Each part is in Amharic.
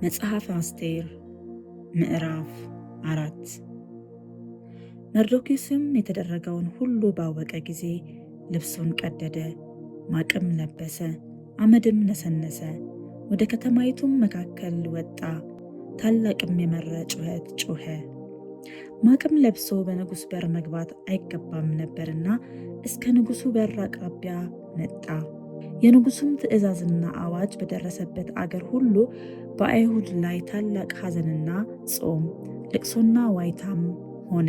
መጽሐፈ አስቴር ምዕራፍ አራት መርዶኪዎስም የተደረገውን ሁሉ ባወቀ ጊዜ ልብሱን ቀደደ፣ ማቅም ለበሰ፣ አመድም ነሰነሰ፣ ወደ ከተማይቱም መካከል ወጣ፣ ታላቅም የመረ ጩኸት ጮኸ። ማቅም ለብሶ በንጉሥ በር መግባት አይገባም ነበርና እስከ ንጉሡ በር አቅራቢያ መጣ። የንጉሱም ትእዛዝና አዋጅ በደረሰበት አገር ሁሉ በአይሁድ ላይ ታላቅ ሐዘንና ጾም፣ ልቅሶና ዋይታም ሆነ።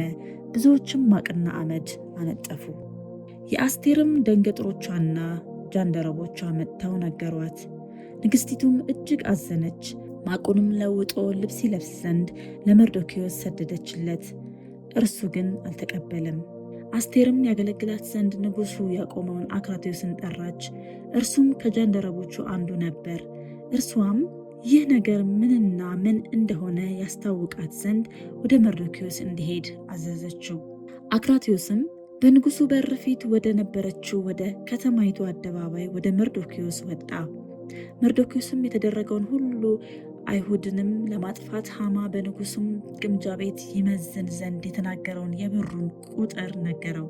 ብዙዎችም ማቅና አመድ አነጠፉ። የአስቴርም ደንገጥሮቿና ጃንደረቦቿ መጥተው ነገሯት። ንግሥቲቱም እጅግ አዘነች። ማቁንም ለውጦ ልብስ ይለብስ ዘንድ ለመርዶኪዎስ ሰደደችለት። እርሱ ግን አልተቀበለም። አስቴርም ያገለግላት ዘንድ ንጉሱ ያቆመውን አክራቴዎስን ጠራች። እርሱም ከጃንደረቦቹ አንዱ ነበር። እርሷም ይህ ነገር ምንና ምን እንደሆነ ያስታውቃት ዘንድ ወደ መርዶኪዎስ እንዲሄድ አዘዘችው። አክራቴዎስም በንጉሱ በር ፊት ወደ ነበረችው ወደ ከተማይቱ አደባባይ ወደ መርዶኪዎስ ወጣ። መርዶኪዎስም የተደረገውን ሁሉ አይሁድንም ለማጥፋት ሃማ በንጉሱም ግምጃ ቤት ይመዝን ዘንድ የተናገረውን የብሩን ቁጥር ነገረው።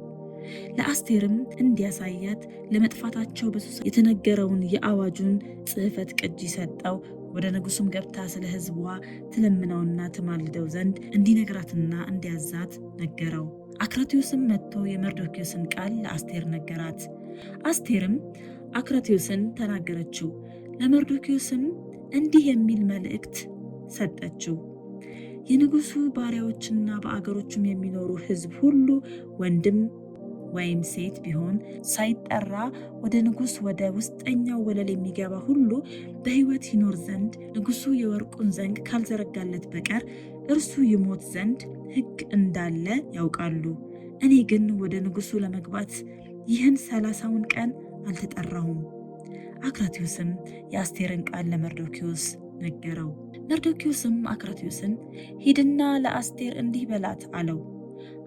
ለአስቴርም እንዲያሳያት ለመጥፋታቸው በሱሳ የተነገረውን የአዋጁን ጽሕፈት ቅጂ ሰጠው። ወደ ንጉሱም ገብታ ስለ ሕዝቧ ትለምነውና ትማልደው ዘንድ እንዲነግራትና እንዲያዛት ነገረው። አክራትዮስም መጥቶ የመርዶኪዮስን ቃል ለአስቴር ነገራት። አስቴርም አክራትዮስን ተናገረችው። ለመርዶኪዮስም እንዲህ የሚል መልእክት ሰጠችው። የንጉሱ ባሪያዎችና በአገሮቹም የሚኖሩ ሕዝብ ሁሉ ወንድም ወይም ሴት ቢሆን ሳይጠራ ወደ ንጉስ ወደ ውስጠኛው ወለል የሚገባ ሁሉ በሕይወት ይኖር ዘንድ ንጉሱ የወርቁን ዘንግ ካልዘረጋለት በቀር እርሱ ይሞት ዘንድ ሕግ እንዳለ ያውቃሉ። እኔ ግን ወደ ንጉሱ ለመግባት ይህን ሰላሳውን ቀን አልተጠራሁም። አክራትዮስም የአስቴርን ቃል ለመርዶኪዎስ ነገረው። መርዶኪዎስም አክራትዮስን ሂድና ለአስቴር እንዲህ በላት አለው።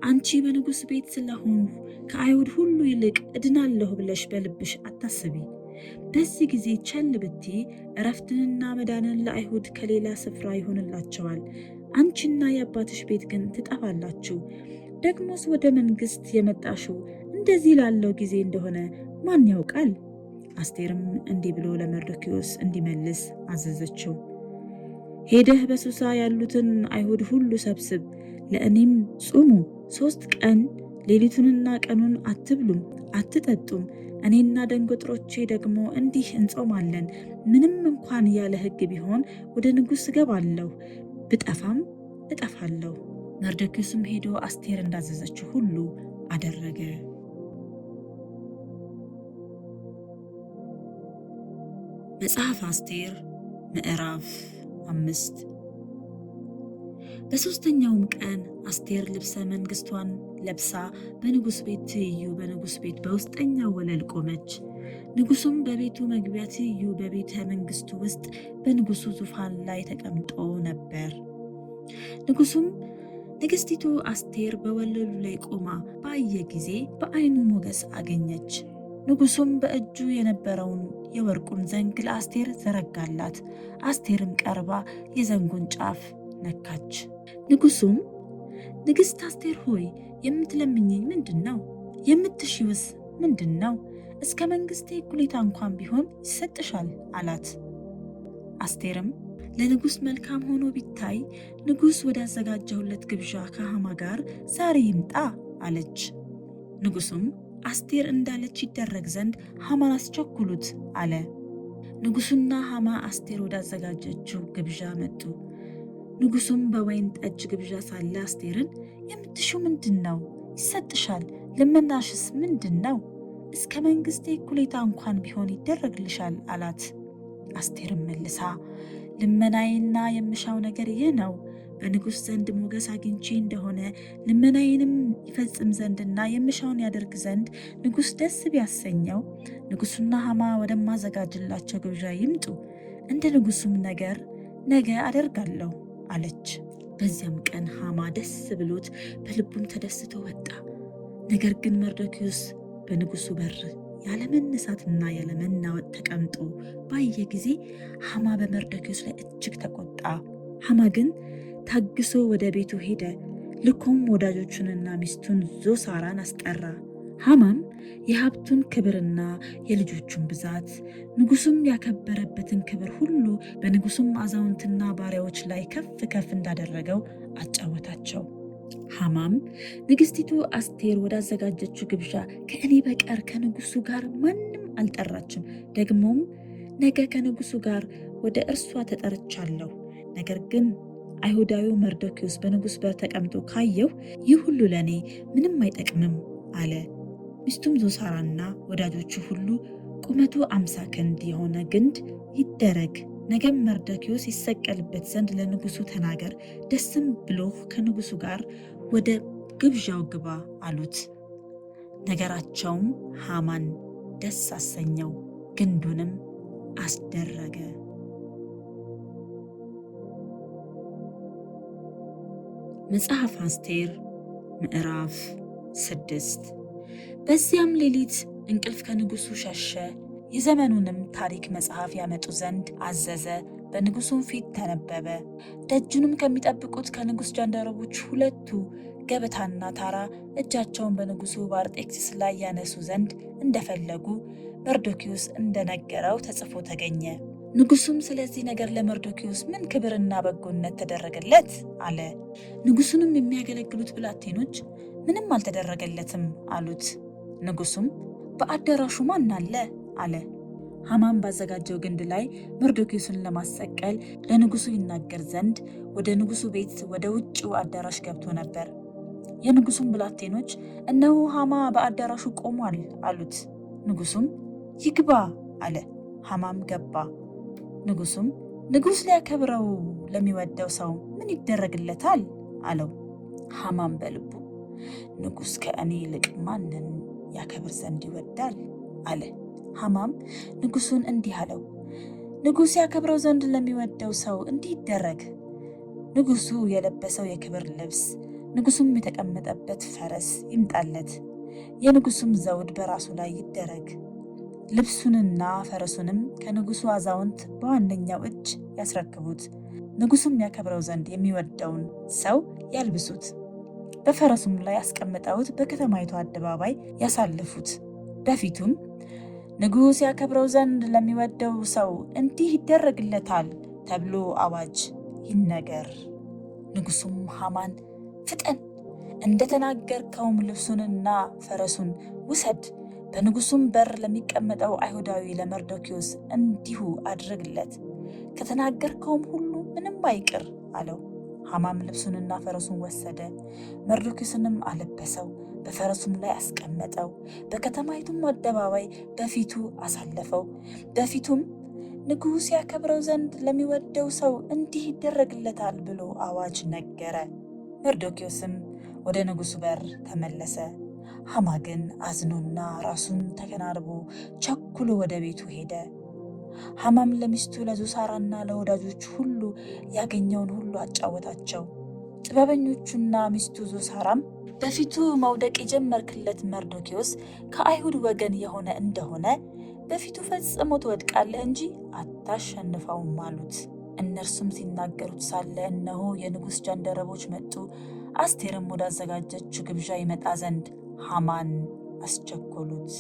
አንቺ በንጉሥ ቤት ስለሆንሁ ከአይሁድ ሁሉ ይልቅ እድናለሁ ብለሽ በልብሽ አታስቢ። በዚህ ጊዜ ቸል ብቲ እረፍትንና መዳንን ለአይሁድ ከሌላ ስፍራ ይሆንላቸዋል። አንቺና የአባትሽ ቤት ግን ትጠፋላችሁ። ደግሞስ ወደ መንግሥት የመጣሽው እንደዚህ ላለው ጊዜ እንደሆነ ማን ያውቃል? አስቴርም እንዲህ ብሎ ለመርዶክዮስ እንዲመልስ አዘዘችው። ሄደህ በሱሳ ያሉትን አይሁድ ሁሉ ሰብስብ፣ ለእኔም ጹሙ፣ ሦስት ቀን ሌሊቱንና ቀኑን አትብሉም አትጠጡም። እኔና ደንገጥሮቼ ደግሞ እንዲህ እንጾማለን። ምንም እንኳን ያለ ሕግ ቢሆን ወደ ንጉሥ እገባለሁ፣ ብጠፋም እጠፋለሁ። መርዶክዮስም ሄዶ አስቴር እንዳዘዘችው ሁሉ አደረገ። መጽሐፍ አስቴር ምዕራፍ አምስት በሦስተኛውም ቀን አስቴር ልብሰ መንግሥቷን ለብሳ በንጉሥ ቤት ትይዩ በንጉሥ ቤት በውስጠኛው ወለል ቆመች። ንጉሡም በቤቱ መግቢያ ትይዩ በቤተ መንግሥቱ ውስጥ በንጉሡ ዙፋን ላይ ተቀምጦ ነበር። ንጉሱም ንግሥቲቱ አስቴር በወለሉ ላይ ቆማ ባየ ጊዜ በዓይኑ ሞገስ አገኘች። ንጉሱም በእጁ የነበረውን የወርቁን ዘንግ ለአስቴር ዘረጋላት። አስቴርም ቀርባ የዘንጉን ጫፍ ነካች። ንጉሱም? ንግሥት አስቴር ሆይ የምትለምኝኝ ምንድን ነው? የምትሺውስ ምንድን ነው? እስከ መንግሥቴ እኩሌታ እንኳን ቢሆን ይሰጥሻል አላት። አስቴርም ለንጉሥ መልካም ሆኖ ቢታይ ንጉሥ ወዳዘጋጀሁለት ግብዣ ከሃማ ጋር ዛሬ ይምጣ አለች። ንጉሱም አስቴር እንዳለች ይደረግ ዘንድ ሐማን አስቸኩሉት አለ። ንጉሱና ሐማ አስቴር ወዳዘጋጀችው ግብዣ መጡ። ንጉሱም በወይን ጠጅ ግብዣ ሳለ አስቴርን የምትሹው ምንድን ነው? ይሰጥሻል። ልመናሽስ ምንድን ነው? እስከ መንግሥቴ እኩሌታ እንኳን ቢሆን ይደረግልሻል አላት። አስቴርም መልሳ ልመናዬና የምሻው ነገር ይህ ነው በንጉሥ ዘንድ ሞገስ አግኝቼ እንደሆነ ልመናዬንም ይፈጽም ዘንድና የምሻውን ያደርግ ዘንድ ንጉሥ ደስ ቢያሰኘው ንጉሡና ሐማ ወደማዘጋጅላቸው ግብዣ ይምጡ፣ እንደ ንጉሱም ነገር ነገ አደርጋለሁ አለች። በዚያም ቀን ሐማ ደስ ብሎት በልቡም ተደስቶ ወጣ። ነገር ግን መርዶኪዎስ በንጉሡ በር ያለመነሳትና ያለመናወጥ ተቀምጦ ባየ ጊዜ ሐማ በመርዶኪዎስ ላይ እጅግ ተቆጣ። ሐማ ግን ታግሶ ወደ ቤቱ ሄደ። ልኮም ወዳጆቹንና ሚስቱን ዞሳራን አስጠራ። ሐማም የሀብቱን ክብርና የልጆቹን ብዛት ንጉሱም ያከበረበትን ክብር ሁሉ በንጉሱም አዛውንትና ባሪያዎች ላይ ከፍ ከፍ እንዳደረገው አጫወታቸው። ሐማም ንግሥቲቱ አስቴር ወዳዘጋጀችው ግብዣ ከእኔ በቀር ከንጉሱ ጋር ማንም አልጠራችም፣ ደግሞም ነገ ከንጉሱ ጋር ወደ እርሷ ተጠርቻለሁ ነገር ግን አይሁዳዊው መርዶኪዎስ በንጉሥ በር ተቀምጦ ካየው ይህ ሁሉ ለእኔ ምንም አይጠቅምም አለ። ሚስቱም ዞሳራና ወዳጆቹ ሁሉ ቁመቱ አምሳ ክንድ የሆነ ግንድ ይደረግ፣ ነገም መርዶኪዎስ ይሰቀልበት ዘንድ ለንጉሱ ተናገር፣ ደስም ብሎህ ከንጉሱ ጋር ወደ ግብዣው ግባ አሉት። ነገራቸውም ሃማን ደስ አሰኘው፣ ግንዱንም አስደረገ። መጽሐፍ አስቴር ምዕራፍ ስድስት በዚያም ሌሊት እንቅልፍ ከንጉሡ ሸሸ። የዘመኑንም ታሪክ መጽሐፍ ያመጡ ዘንድ አዘዘ። በንጉሡም ፊት ተነበበ። ደጁንም ከሚጠብቁት ከንጉሥ ጃንደረቦች ሁለቱ ገበታና ታራ እጃቸውን በንጉሡ በአርጤክስስ ላይ ያነሱ ዘንድ እንደፈለጉ መርዶኪዎስ እንደነገረው ተጽፎ ተገኘ። ንጉሱም ስለዚህ ነገር ለመርዶኪዎስ ምን ክብርና በጎነት ተደረገለት አለ። ንጉሱንም የሚያገለግሉት ብላቴኖች ምንም አልተደረገለትም አሉት። ንጉሱም በአዳራሹ ማን አለ አለ። ሐማን ባዘጋጀው ግንድ ላይ መርዶኪዎስን ለማሰቀል ለንጉሱ ይናገር ዘንድ ወደ ንጉሱ ቤት ወደ ውጭው አዳራሽ ገብቶ ነበር። የንጉሱም ብላቴኖች እነሆ ሐማ በአዳራሹ ቆሟል አሉት። ንጉሱም ይግባ አለ። ሐማም ገባ። ንጉሱም ንጉሥ ሊያከብረው ለሚወደው ሰው ምን ይደረግለታል? አለው። ሐማም በልቡ ንጉሥ ከእኔ ይልቅ ማንን ያከብር ዘንድ ይወዳል? አለ። ሐማም ንጉሱን እንዲህ አለው፣ ንጉሥ ያከብረው ዘንድ ለሚወደው ሰው እንዲህ ይደረግ፣ ንጉሱ የለበሰው የክብር ልብስ፣ ንጉሱም የተቀመጠበት ፈረስ ይምጣለት፣ የንጉሱም ዘውድ በራሱ ላይ ይደረግ ልብሱንና ፈረሱንም ከንጉሡ አዛውንት በዋነኛው እጅ ያስረክቡት፣ ንጉሱም ያከብረው ዘንድ የሚወደውን ሰው ያልብሱት፣ በፈረሱም ላይ ያስቀምጠውት በከተማይቱ አደባባይ ያሳልፉት። በፊቱም ንጉሥ ያከብረው ዘንድ ለሚወደው ሰው እንዲህ ይደረግለታል ተብሎ አዋጅ ይነገር። ንጉሱም ሐማን ፍጠን እንደተናገርከውም ልብሱንና ፈረሱን ውሰድ በንጉሱም በር ለሚቀመጠው አይሁዳዊ ለመርዶኪዎስ እንዲሁ አድርግለት፣ ከተናገርከውም ሁሉ ምንም አይቅር አለው። ሐማም ልብሱንና ፈረሱን ወሰደ፣ መርዶኪዎስንም አለበሰው፣ በፈረሱም ላይ አስቀመጠው፣ በከተማይቱም አደባባይ በፊቱ አሳለፈው። በፊቱም ንጉሥ ያከብረው ዘንድ ለሚወደው ሰው እንዲህ ይደረግለታል ብሎ አዋጅ ነገረ። መርዶኪዎስም ወደ ንጉሡ በር ተመለሰ። ሐማ ግን አዝኖና ራሱን ተከናርቦ ቸኩሎ ወደ ቤቱ ሄደ። ሐማም ለሚስቱ ለዙሳራና ለወዳጆች ሁሉ ያገኘውን ሁሉ አጫወታቸው። ጥበበኞቹና ሚስቱ ዙሳራም በፊቱ መውደቅ የጀመርክለት መርዶኪዎስ ከአይሁድ ወገን የሆነ እንደሆነ በፊቱ ፈጽሞ ትወድቃለህ እንጂ አታሸንፈውም አሉት። እነርሱም ሲናገሩት ሳለ እነሆ የንጉሥ ጃንደረቦች መጡ። አስቴርም ወዳዘጋጀችው ግብዣ ይመጣ ዘንድ ሃማን አስቸኮሉት።